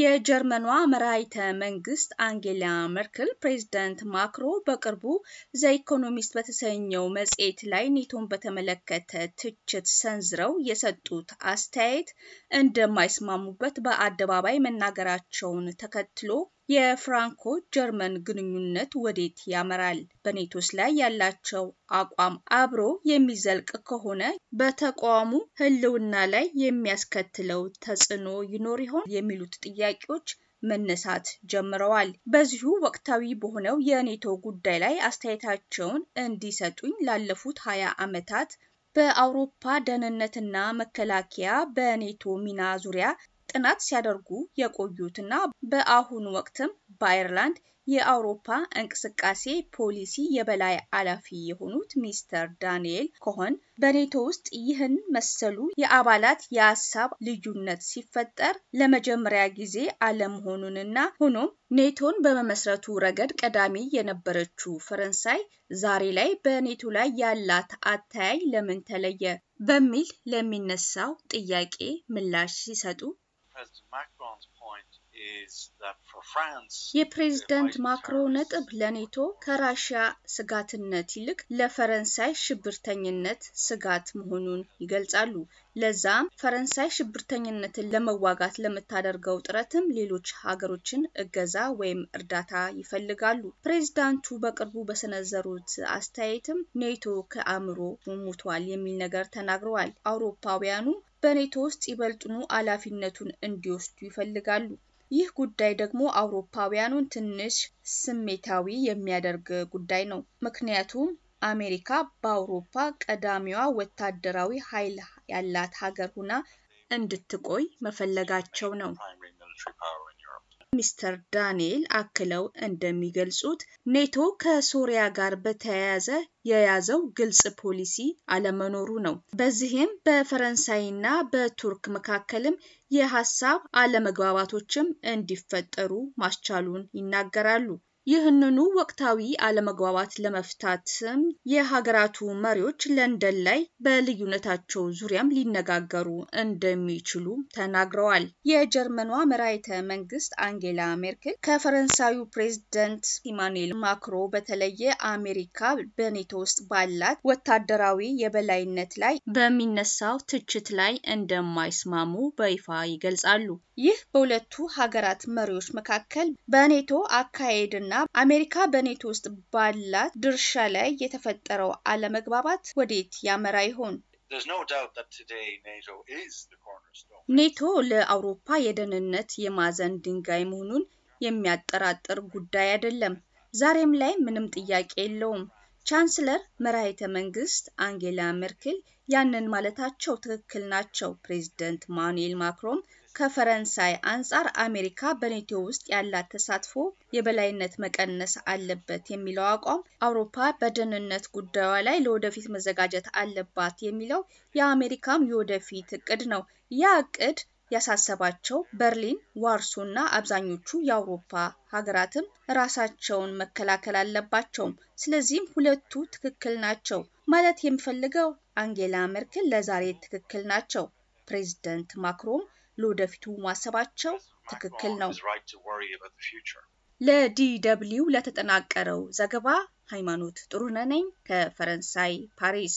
የጀርመኗ መራሂተ መንግስት አንጌላ መርክል ፕሬዝዳንት ማክሮ በቅርቡ ዘ ኢኮኖሚስት በተሰኘው መጽሔት ላይ ኔቶን በተመለከተ ትችት ሰንዝረው የሰጡት አስተያየት እንደማይስማሙበት በአደባባይ መናገራቸውን ተከትሎ የፍራንኮ ጀርመን ግንኙነት ወዴት ያመራል? በኔቶስ ላይ ያላቸው አቋም አብሮ የሚዘልቅ ከሆነ በተቋሙ ሕልውና ላይ የሚያስከትለው ተጽዕኖ ይኖር ይሆን? የሚሉት ጥያቄዎች መነሳት ጀምረዋል። በዚሁ ወቅታዊ በሆነው የኔቶ ጉዳይ ላይ አስተያየታቸውን እንዲሰጡኝ ላለፉት ሀያ ዓመታት በአውሮፓ ደህንነትና መከላከያ በኔቶ ሚና ዙሪያ ጥናት ሲያደርጉ የቆዩትና በአሁኑ ወቅትም በአየርላንድ የአውሮፓ እንቅስቃሴ ፖሊሲ የበላይ ኃላፊ የሆኑት ሚስተር ዳንኤል ኮሆን በኔቶ ውስጥ ይህን መሰሉ የአባላት የሀሳብ ልዩነት ሲፈጠር ለመጀመሪያ ጊዜ አለመሆኑንና ሆኖም ኔቶን በመመስረቱ ረገድ ቀዳሚ የነበረችው ፈረንሳይ ዛሬ ላይ በኔቶ ላይ ያላት አተያይ ለምን ተለየ በሚል ለሚነሳው ጥያቄ ምላሽ ሲሰጡ የፕሬዝዳንት ማክሮ ነጥብ ለኔቶ ከራሽያ ስጋትነት ይልቅ ለፈረንሳይ ሽብርተኝነት ስጋት መሆኑን ይገልጻሉ። ለዛም ፈረንሳይ ሽብርተኝነትን ለመዋጋት ለምታደርገው ጥረትም ሌሎች ሀገሮችን እገዛ ወይም እርዳታ ይፈልጋሉ። ፕሬዝዳንቱ በቅርቡ በሰነዘሩት አስተያየትም ኔቶ ከአእምሮ ሙቷል የሚል ነገር ተናግረዋል። አውሮፓውያኑ በኔቶ ውስጥ ይበልጥኑ ኃላፊነቱን እንዲወስዱ ይፈልጋሉ። ይህ ጉዳይ ደግሞ አውሮፓውያኑን ትንሽ ስሜታዊ የሚያደርግ ጉዳይ ነው። ምክንያቱም አሜሪካ በአውሮፓ ቀዳሚዋ ወታደራዊ ኃይል ያላት ሀገር ሆና እንድትቆይ መፈለጋቸው ነው። ሚስተር ዳንኤል አክለው እንደሚገልጹት ኔቶ ከሶሪያ ጋር በተያያዘ የያዘው ግልጽ ፖሊሲ አለመኖሩ ነው። በዚህም በፈረንሳይና በቱርክ መካከልም የሀሳብ አለመግባባቶችም እንዲፈጠሩ ማስቻሉን ይናገራሉ። ይህንኑ ወቅታዊ አለመግባባት ለመፍታትም የሀገራቱ መሪዎች ለንደን ላይ በልዩነታቸው ዙሪያም ሊነጋገሩ እንደሚችሉ ተናግረዋል። የጀርመኗ መራይተ መንግስት አንጌላ ሜርክል ከፈረንሳዩ ፕሬዝደንት ኢማኑኤል ማክሮ በተለየ አሜሪካ በኔቶ ውስጥ ባላት ወታደራዊ የበላይነት ላይ በሚነሳው ትችት ላይ እንደማይስማሙ በይፋ ይገልጻሉ። ይህ በሁለቱ ሀገራት መሪዎች መካከል በኔቶ አካሄድ እና አሜሪካ በኔቶ ውስጥ ባላት ድርሻ ላይ የተፈጠረው አለመግባባት ወዴት ያመራ ይሆን? ኔቶ ለአውሮፓ የደህንነት የማዕዘን ድንጋይ መሆኑን የሚያጠራጥር ጉዳይ አይደለም። ዛሬም ላይ ምንም ጥያቄ የለውም። ቻንስለር መራሄተ መንግስት አንጌላ ሜርክል ያንን ማለታቸው ትክክል ናቸው። ፕሬዚደንት ማኑኤል ማክሮን ከፈረንሳይ አንጻር አሜሪካ በኔቶ ውስጥ ያላት ተሳትፎ የበላይነት መቀነስ አለበት የሚለው አቋም፣ አውሮፓ በደህንነት ጉዳዩ ላይ ለወደፊት መዘጋጀት አለባት የሚለው የአሜሪካም የወደፊት እቅድ ነው። ያ እቅድ ያሳሰባቸው በርሊን፣ ዋርሶ እና አብዛኞቹ የአውሮፓ ሀገራትም ራሳቸውን መከላከል አለባቸውም። ስለዚህም ሁለቱ ትክክል ናቸው ማለት የምፈልገው አንጌላ መርክል ለዛሬ ትክክል ናቸው። ፕሬዚደንት ማክሮም ለወደፊቱ ማሰባቸው ትክክል ነው። ለዲ ደብልዩ ለተጠናቀረው ዘገባ ሃይማኖት ጥሩነህ ነኝ ከፈረንሳይ ፓሪስ።